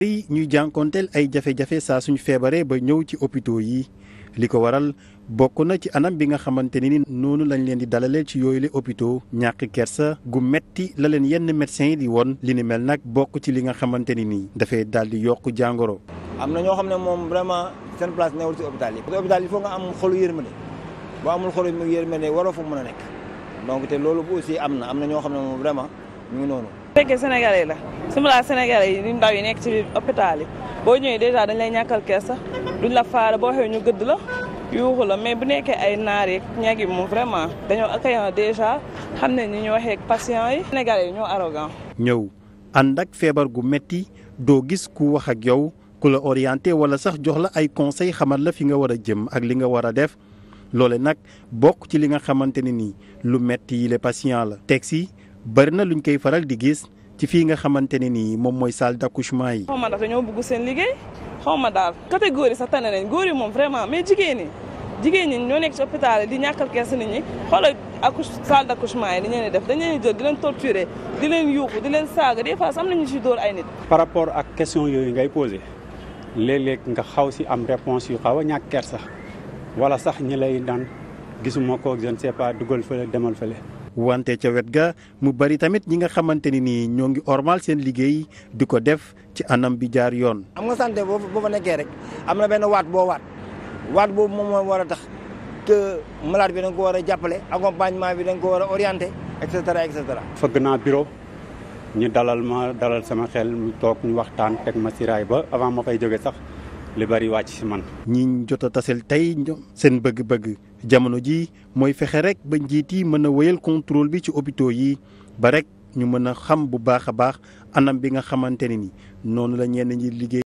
yi ñuy jànkonteel ay jafe-jafe saa suñu feebaree ba ñëw ci hôpitaux yi li ko waral bokk na ci anam bi nga xamante ni noonu lañ leen di dalalee ci yooyu le hôpitaux ñàkk kersa gu metti la leen yenn médecins yi di woon li ni mel nag bokk ci li nga xamante ni nii dafay daal di yokk jàngoro. am na ñoo xam ne moom vraiment seen place newul ci hôpital yi. parce que hôpital yi il nga am xolu yërmande boo amul xolu yërmande waroo fa mën a nekk donc te loolu aussi am na am na ñoo xam ne vraiment noonu. fekkee sénégalais la suma laa sénégalais yi ndaw yi nekk ci hôpital yi boo ñëwee dèjà dañ lay ñàkkal kersa duñ la faara boo xew ñu gëdd la yuuxu la mais bu nekkee ay naar yeeg ñeeg yi moom vraiment dañoo accueillant dèjà xam ne ñi ñu waxee ak patient yi sénégalais yi ñoo arrogant ñëw ànd ak feebar gu metti doo gis ku wax ak yow ku la orienté wala sax jox la ay conseil xamal la fi nga war a jëm ak li nga war a def loole nag bokk ci li nga xamante ne nii lu metti yi les la teg si bari na lu ñu koy faral di gis ci fii nga xamante ne nii moom mooy salle d'accouchement yi. xaw ma ndax dañoo bëgg seen liggéey xaw ma daal catégorie yi sax tane góor yi moom vraiment mais jigéen ñi jigéen ñi ñoo nekk ci hôpital yi di ñàkkal kees nit ñi xoolal accouche salle d'accouchement yi ni ñu def dañu leen jël di leen torturer di leen yuuxu di leen saaga des fois am nañu ci dóor ay nit. par rapport ak question yooyu ngay posé léeg-léeg nga xaw si am réponse yu xaw a ñàkk kersa wala sax ñi lay daan gisuma ko je ne dugal fële demal fële. wante ca wet ga mu bari tamit ñi nga xamante ni nii ñoo ngi ormal seen liggéey di ko def ci anam bi jaar yoon. am nga santé boo boo fa nekkee rek am na benn waat boo waat waat boobu moom moo war a tax que malade bi da ko war a jàppale accompagnement bi da ko war a orienté et cetera et cetera. fëgg naa bureau ñu dalal ma dalal sama xel mu toog ñu waxtaan teg ma si raay ba avant ma fay jóge sax. li bari wàcc si man. ñi jot a tasel tey seen bëgg-bëgg jamono ji mooy fexe rek ba njiit yi mën a wéyal contrôle bi ci hôpitaux yi ba rekk ñu mën a xam bu baax a baax anam bi nga xamante ne ni noonu la ñenn ñi liggéey.